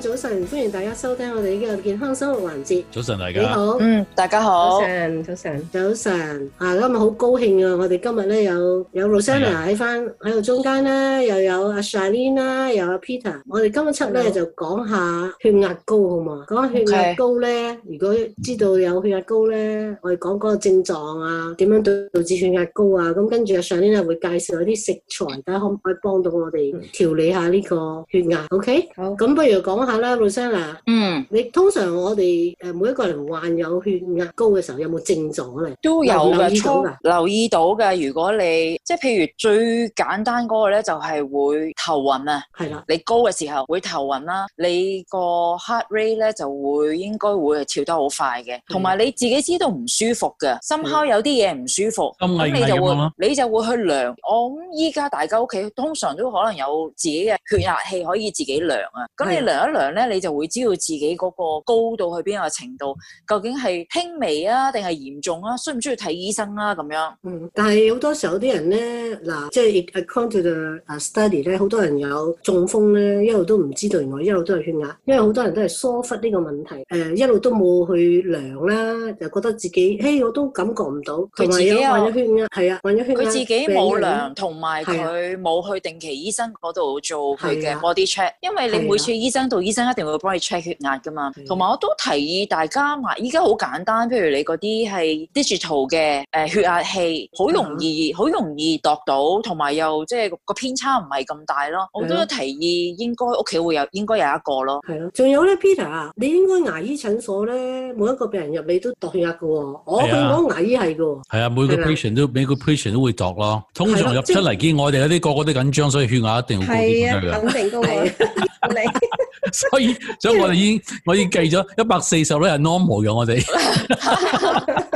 早晨，歡迎大家收聽我哋呢個健康生活環節。早晨大家，你好，嗯，大家好。早晨，早晨，早晨啊！今日好高興啊！我哋今日咧有有 Rosanna 喺翻喺度中間啦，啊，又有阿 Shirin 啦，又有，啊，Peter。我哋今日一輯咧就講下血壓高好嘛？講血壓高咧，Okay. 如果知道有血壓高咧，我哋講嗰個症狀啊，點樣導致血壓高啊？咁跟住阿 Shirin 咧會介紹一啲食材，睇下可唔可以幫到我哋調理下呢個血壓？OK，好。咁不如講。講下啦，露莎娜。嗯，你通常我哋誒每一個人患有血壓高嘅時候，有冇症狀咧？都有留意到噶，留意到噶。如果你即係譬如最簡單嗰個咧，就係會頭暈啊，係啦的，你高嘅時候會頭暈啦、啊，你個 heart rate 咧就會應該會係跳得好快嘅，同埋你自己知道唔舒服嘅，心口有啲嘢唔舒服，咁的你就會的你就會去量。我諗依家大家屋企通常都可能有自己嘅血壓器可以自己量啊。咁你量一量咧，的你就會知道自己嗰個高到去邊個程度，是的究竟係輕微啊定係嚴重啊，需唔需要睇醫生啊咁樣？嗯，但係好多時候啲人咧，嗱、呃，即係 according to 啊 study 咧，好。多人有中風咧，一路都唔知道，原來一路都係血壓，因為好多人都係疏忽呢個問題。誒、呃，一路都冇去量啦，就覺得自己，嘿，我都感覺唔到。佢自己有問啊，佢自己冇病量，同埋佢冇去定期醫生嗰度做佢嘅 body check、啊。因為你每次醫生到醫生一定會幫你 check 血壓㗎嘛。同埋、啊、我都提議大家話，依家好簡單，譬如你嗰啲係 Digital 嘅誒血壓器，好容易，好、啊、容易度到，同埋又即係個偏差唔係咁大。係咯，我都有提議應該屋企會有，應該有一個咯。係咯，仲有咧，Peter 啊，你應該牙醫診所咧，每一個病人入你都度血壓噶喎。我佢講牙醫係噶喎。係啊的，每個 patient 都的每個 patient 都，都會度咯。通常入出嚟見的我哋嗰啲個個都緊張，所以血壓一定會高。係啊，肯定都係你。 所以，所以我哋已經我已經計咗一百四十咧係 normal 嘅，我哋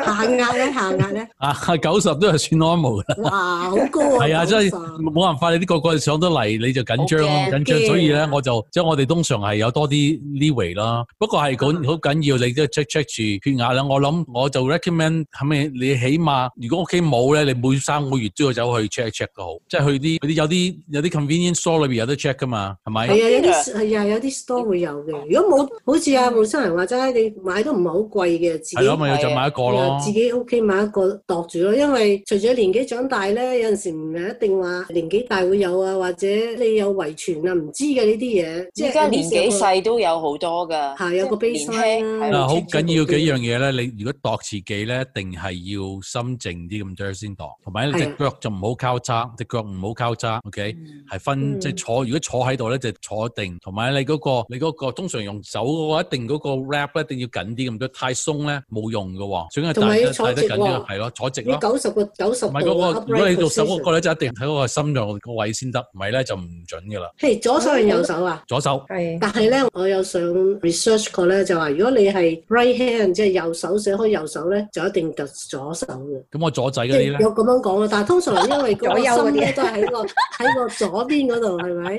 下壓咧，下壓咧，啊，九十都係算 normal 啦。哇，好高啊！係啊，所以冇辦法，你啲個個上得嚟你就緊張咯，緊張。所以咧，我就即係我哋通常係有多啲呢圍啦。不過係好好緊要，你都 check check 住血壓啦。我諗我就 recommend 係咪你起碼如果屋企冇咧，你每三個月都要走去 check check 都好，即係去啲啲有啲有啲 convenience store 裏邊有得 check 噶嘛，係咪？係啊，有啲係啊，有啲。多會有嘅，如果冇好似阿黃生人話齋，你買都唔係好貴嘅，自己買，自己屋企買一個度住咯。因為隨住年紀長大咧，有陣時唔係一定話年紀大會有啊，或者你有遺傳啊，唔知嘅呢啲嘢。即係而家年紀細都有好多㗎，嚇有個悲傷。嗱，好緊要幾樣嘢咧，你如果度自己咧，一定係要心靜啲咁先度，同埋你隻腳就唔好交叉，隻腳唔好交叉。OK，係分即係坐。如果坐喺度咧，就坐定。同埋你嗰個。你嗰個通常用手嘅話一定嗰個 wrap 咧，一定要緊啲咁多，太鬆咧冇用嘅喎。同你坐直喎，係咯，坐直咯。你九十個九十，唔係嗰個。如果你用手嗰個咧，就一定睇嗰個心臟個位先得，唔係咧就唔準嘅啦。係左手定右手啊？左手係。但係咧，我有上 research 過咧，就話如果你係 right hand，即係右手寫開右手咧，就一定揼左手嘅。咁我左仔嗰啲咧？有咁樣講啊，但係通常因為個心咧都係喺個喺個左邊嗰度，係咪？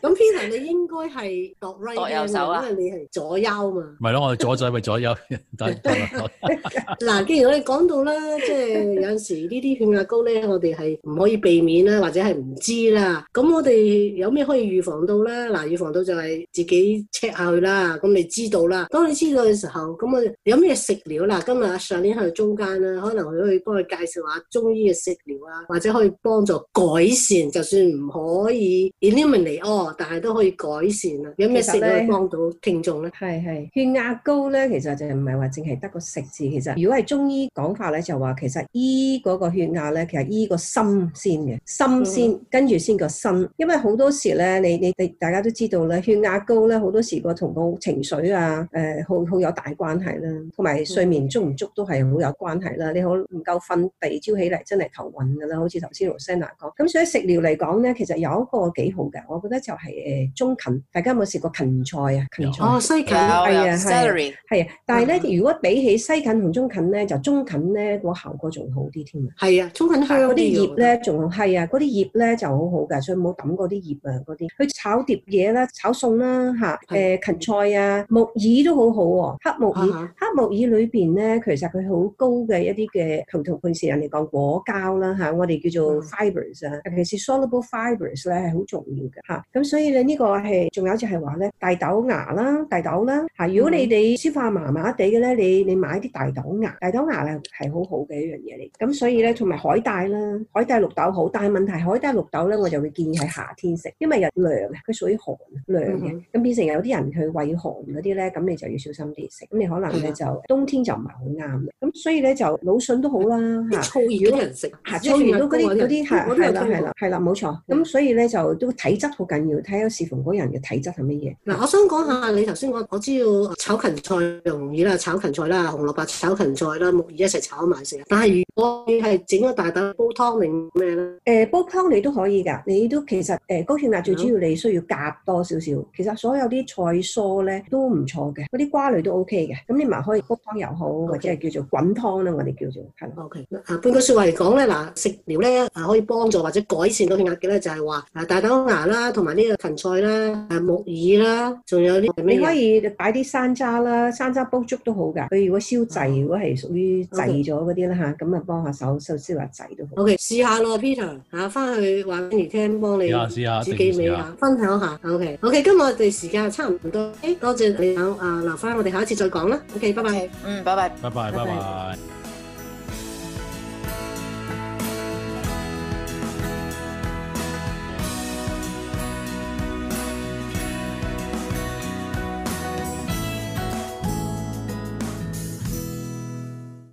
咁 Peter，你應該係。左右、right、手啊，因為你係左右嘛。咪咯，我係左仔咪左右，嗱，既然我哋講到啦， 即係有陣時呢啲血壓高咧，我哋係唔可以避免啦，或者係唔知啦。咁我哋有咩可以預防到咧？嗱，預防到就係自己 check 下去啦。咁你知道啦。當你知道嘅時候，咁啊有咩食療啦？今日上年去中間啦，可能可以幫佢介紹下中醫嘅食療啊，或者可以幫助改善，就算唔可以 eliminate 但係都可以改善啦。咩食咧望到聽眾咧？係係，血壓高咧，其實就唔係話淨係得個食字。其實如果係中醫講法咧，就話其實醫嗰個血壓咧，其實醫個心先嘅，心先跟住先個身。嗯、因為好多時咧，你你大家都知道咧，血壓高咧，好多時個同個情緒啊，呃、好好有大關係啦。同埋睡眠足唔足都係好有關係啦。嗯、你好唔夠瞓，第二朝起嚟真係頭暈㗎啦。好似頭先 Rosanna 講。咁所以食療嚟講咧，其實有一個幾好嘅，我覺得就係中近，大家冇個芹菜啊，芹菜哦西芹，係啊，係啊，但係咧，如果比起西芹同中芹咧，就中芹咧個效果仲好啲添啊。係啊，中芹香啲要。嗰啲葉咧仲係啊，嗰啲葉咧就好好㗎，所以冇抌嗰啲葉啊，嗰啲去炒碟嘢啦，炒餸啦，嚇誒芹菜啊，木耳都好好喎，黑木耳，黑木耳裏邊咧，其實佢好高嘅一啲嘅，同同平時人哋講果膠啦吓，我哋叫做 fibers 啊，尤其是 soluble fibres 咧係好重要㗎吓，咁所以咧呢個係仲有就係話。大豆芽啦，大豆啦嚇！如果你哋消化麻麻地嘅咧，你你買啲大豆芽，大豆芽係係好好嘅一樣嘢嚟。咁所以咧，同埋海帶啦，海帶綠豆好，但係問題是海帶綠豆咧，我就會建議喺夏天食，因為又涼，佢屬於寒涼嘅，咁變成有啲人去畏寒嗰啲咧，咁你就要小心啲食，咁你可能咧就冬天就唔係好啱嘅。咁所以咧就老笋都好啦嚇，燥熱啲人食嚇，燥熱到嗰啲嗰啲係係啦係啦係啦冇錯。咁、嗯、所以咧就都體質好緊要，睇下視乎嗰人嘅體質係咩。嗱，嗯、我想講下你頭先講，我知要炒芹菜容易啦，炒芹菜啦，紅蘿蔔炒芹菜啦，木耳一齊炒埋食。但係如果係整一大豆煲湯定咩咧？誒，煲湯你都可以㗎，你都其實誒高血壓最主要你需要夾多少少。嗯、其實所有啲菜蔬咧都唔錯嘅，嗰啲瓜類都 OK 嘅。咁你咪可以煲湯又好，Okay. 或者係叫做滾湯啦，我哋叫做係 OK、啊。嚇，半個説話嚟講咧，嗱食療咧誒可以幫助或者改善到血壓嘅咧，就係話誒大豆芽啦，同埋呢個芹菜啦，誒木耳。啦，仲有啲，你可以擺啲山楂啦，山楂煲粥都好㗎。佢如果消滯，如果係屬於滯咗嗰啲啦嚇，咁、嗯、啊幫下手，稍微話滯都好。OK，試下咯，Peter，嚇、啊，翻去話俾你聽，幫你試下試下，試幾味下，分享下。OK，OK，okay okay，今日我哋時間差唔多，多謝你啊、呃，留翻我哋下一次再講啦。OK，拜拜。嗯，拜拜，拜拜，拜拜。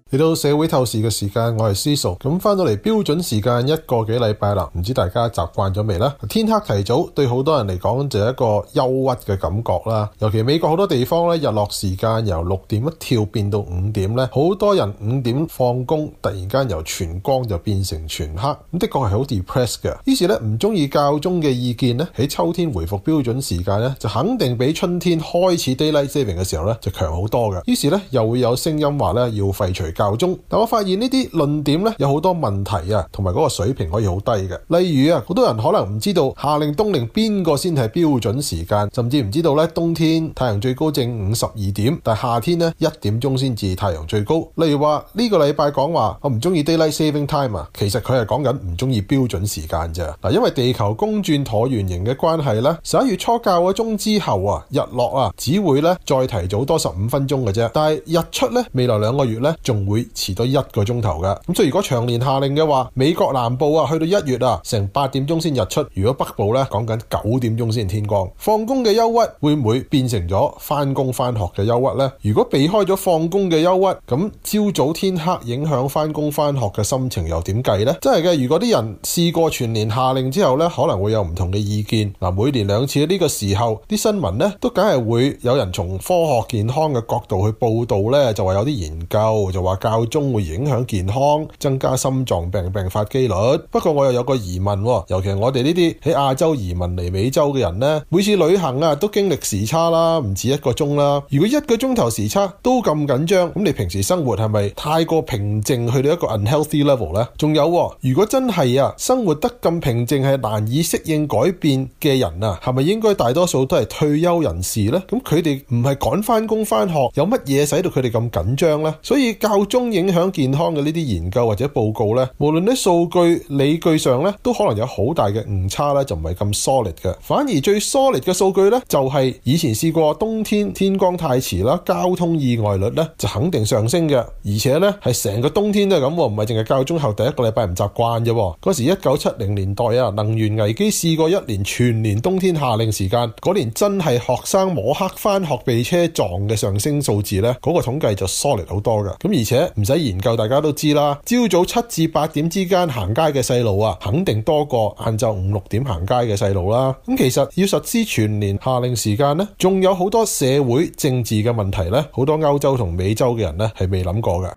嚟到社會透視嘅時間，我係思素。咁翻到嚟標準時間一個幾禮拜啦，唔知大家習慣咗未啦？天黑提早對好多人嚟講就一個憂鬱嘅感覺啦。尤其美國好多地方咧，日落時間由六點一跳變到五點咧，好多人五點放工，突然間由全光就變成全黑，咁的確係好 depressed 嘅。於是咧唔中意校鐘嘅意見咧，喺秋天回復標準時間咧，就肯定比春天開始 daylight saving 嘅時候咧就強好多嘅。於是咧又會有聲音話咧要廢除。教鐘但我發現呢啲論點呢，有好多問題啊，同埋嗰個水平可以好低嘅。例如啊，好多人可能唔知道夏令冬令邊個先係標準時間，甚至唔知道呢冬天太陽最高正午十二點，但夏天呢一點鐘先至太陽最高。例如話呢個禮拜講話我唔中意 daylight saving time 啊，其實佢係講緊唔中意標準時間啫。嗱，因為地球公轉橢圓形嘅關係呢，十一月初教鐘之後啊，日落啊只會呢再提早多十五分鐘嘅啫。但係日出呢，未來兩個月呢。仲。會遲多一個鐘頭嘅，咁所以如果長年夏令嘅話，美國南部啊，去到一月啊，成八點鐘先日出；如果北部咧，講緊九點鐘先天光。放工嘅憂鬱會唔會變成咗返工返學嘅憂鬱呢？如果避開咗放工嘅憂鬱，咁朝早天黑影響返工返學嘅心情又點計呢？真係嘅，如果啲人試過全年夏令之後呢，可能會有唔同嘅意見。嗱，每年兩次呢個時候，啲新聞呢都梗係會有人從科學健康嘅角度去報道呢，就話有啲研究，就話。教宗會影響健康，增加心臟病病發機率。不過我又有個疑問，尤其我哋呢啲喺亞洲移民嚟美洲嘅人呢，每次旅行啊都經歷時差啦，唔止一個鐘啦。如果一個鐘頭時差都咁緊張，咁你平時生活係咪太過平靜去到一個 unhealthy level 呢？仲有，如果真係啊生活得咁平靜，係難以適應改變嘅人啊，係咪應該大多數都係退休人士呢？咁佢哋唔係趕翻工翻學，有乜嘢使到佢哋咁緊張呢？所以教中影響健康嘅呢啲研究或者報告咧，無論啲數據理據上咧，都可能有好大嘅誤差咧，就唔係咁 solid 嘅。反而最 solid 嘅數據咧，就係以前試過冬天天光太遲啦，交通意外率咧就肯定上升嘅。而且咧係成個冬天都係咁，唔係淨係校鐘後第一個禮拜唔習慣啫。嗰時一九七零年代啊，能源危機試過一年全年冬天下令時間，嗰年真係學生摸黑翻學被車撞嘅上升數字咧，嗰個統計就 solid 好多嘅。咁而且。唔使研究，大家都知啦。朝早七至八點之間行街嘅細路啊，肯定多過晏晝五六點行街嘅細路啦。咁其實要實施全年夏令時間呢，仲有好多社會政治嘅問題呢，好多歐洲同美洲嘅人呢係未諗過嘅。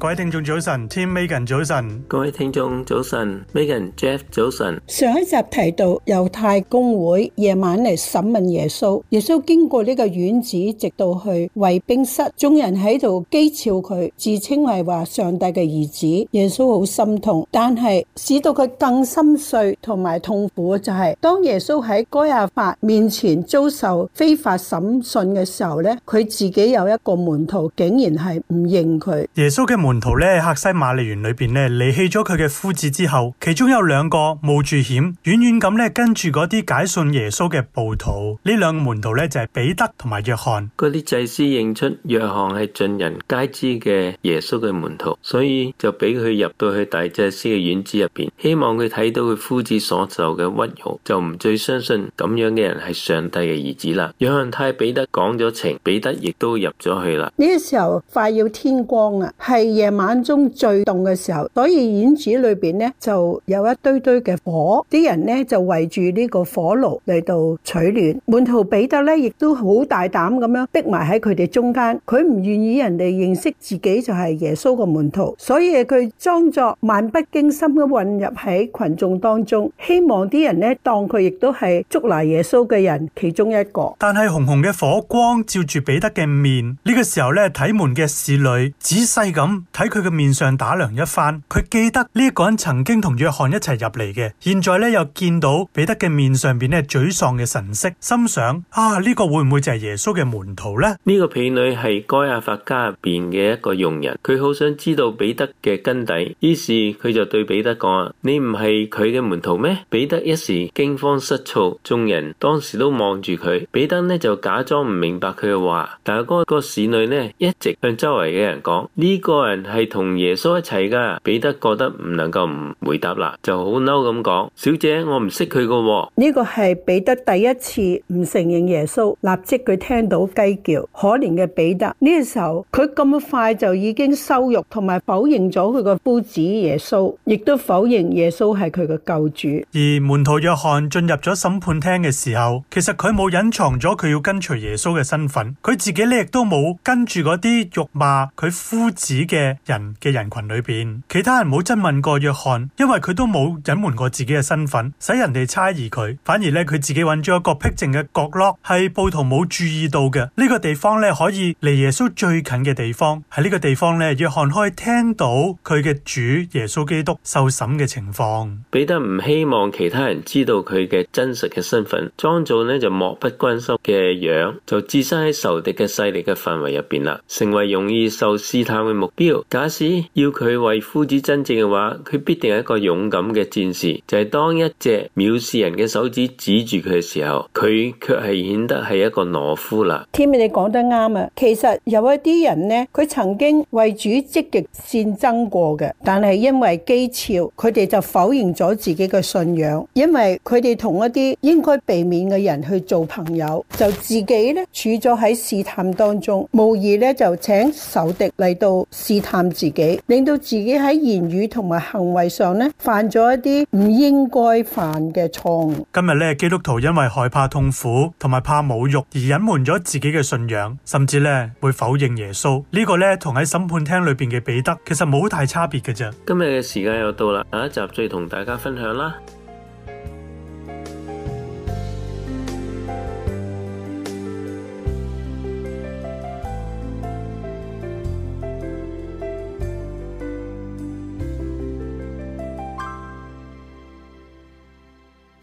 各位聽眾早晨，Tim Megan 早晨，各位聽眾早晨，Megan Jeff 早晨。上一集提到猶太公會夜晚嚟審問耶穌，耶穌經過呢個院子，直到去衛兵室，眾人喺度譏誚佢，自稱係話上帝嘅兒子。耶穌好心痛，但係使到佢更心碎同埋痛苦就係、是，當耶穌喺該亞法面前遭受非法審訊嘅時候咧，佢自己有一個門徒竟然係唔認佢。耶穌嘅門門徒咧，喺客西馬尼園裏邊咧，離棄咗佢嘅夫子之後，其中有兩個冒住險，遠遠咁咧跟住嗰啲解送耶穌嘅暴徒。呢兩個門徒咧就係彼得同埋約翰。嗰啲祭司認出約翰係盡人皆知嘅耶穌嘅門徒，所以就俾佢入到去大祭司嘅院子入邊，希望佢睇到佢夫子所受嘅屈辱，就唔再相信咁樣嘅人係上帝嘅兒子啦。約翰替彼得講咗情，彼得亦都入咗去啦。呢個時候快要天光啦，係。夜晚中最凍嘅時候，所以院子裏邊咧就有一堆堆嘅火，啲人咧就圍住呢個火爐嚟到取暖。門徒彼得咧亦都好大膽咁樣逼埋喺佢哋中間，佢唔願意人哋認識自己就係耶穌嘅門徒，所以佢裝作漫不經心咁混入喺群眾當中，希望啲人咧當佢亦都係捉拿耶穌嘅人其中一個。但係紅紅嘅火光照住彼得嘅面，呢個時候咧睇門嘅侍女仔細咁。睇佢嘅面上打量一番，佢記得呢一個人曾經同約翰一齊入嚟嘅，現在咧又見到彼得嘅面上邊咧沮喪嘅神色，心想啊，呢個會唔會就係耶穌嘅門徒咧？呢個婢女係該亞法家入邊嘅一個傭人，佢好想知道彼得嘅根底，於是佢就對彼得講啊，你唔係佢嘅門徒咩？彼得一時驚慌失措，眾人當時都望住佢，彼得咧就假裝唔明白佢嘅話，但係嗰個侍女咧一直向周圍嘅人講呢個人係同耶穌一齊噶，彼得覺得唔能夠唔回答啦，就好嬲咁講：小姐，我唔識佢噶。呢個係彼得第一次唔承認耶穌。立即佢聽到雞叫，可憐嘅彼得呢個時候，佢咁快就已經羞辱同埋否認咗佢個夫子耶穌，亦都否認耶穌係佢個救主。而門徒約翰進入咗審判廳嘅時候，其實佢冇隱藏咗佢要跟隨耶穌嘅身份，佢自己咧亦都冇跟住嗰啲辱罵佢夫子嘅。人嘅人群裏邊，其他人冇質問過約翰，因為佢都冇隱瞞過自己嘅身份，使人哋猜疑佢。反而咧，佢自己揾咗一個僻靜嘅角落，係暴徒冇注意到嘅呢個地方咧，可以離耶穌最近嘅地方。喺呢個地方咧，約翰可以聽到佢嘅主耶穌基督受審嘅情況。彼得唔希望其他人知道佢嘅真實嘅身份，裝做呢就漠不關心嘅樣，就置身喺仇敵嘅勢力嘅範圍入邊啦，成為容易受試探嘅目標。假使要佢為夫子真正嘅話，佢必定係一個勇敢嘅戰士。就係當一隻藐視人嘅手指指住佢嘅時候，佢卻係顯得係一個懦夫啦。Tim，你講得啱啊！其實有一啲人呢，佢曾經為主積極戰爭過嘅，但係因為譏誚，佢哋就否認咗自己嘅信仰，因為佢哋同一啲應該避免嘅人去做朋友，就自己呢處咗喺試探當中，無疑呢就請仇敵嚟到試探探自己，令到自己喺言語同埋行為上咧犯咗一啲唔應該犯嘅錯誤。今日咧，基督徒因為害怕痛苦同埋怕侮辱而隱瞞咗自己嘅信仰，甚至咧會否認耶穌。這個、呢個咧同喺審判廳裏邊嘅彼得其實冇大差別嘅啫。今日嘅時間又到啦，下一集再同大家分享啦。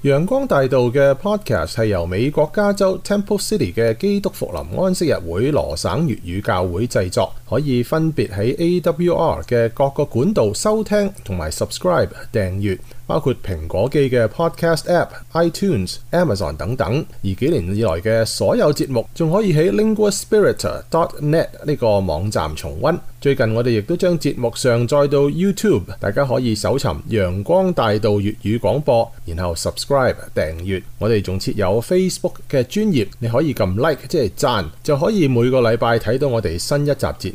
陽光大道嘅 podcast 係由美國加州 Temple City 嘅基督復臨安息日會羅省粵語教會製作。可以分別喺 AWR 嘅各個管道收聽同埋 subscribe 訂閱，包括蘋果機嘅 Podcast App、iTunes、Amazon 等等。而幾年以來嘅所有節目，仲可以喺 LinguaSpirit.net 呢個網站重溫。最近我哋亦都將節目上載到 YouTube，大家可以搜尋陽光大道粵語廣播，然後 subscribe 訂閱。我哋仲設有 Facebook 嘅專頁，你可以撳 like 即係讚，就可以每個禮拜睇到我哋新一集節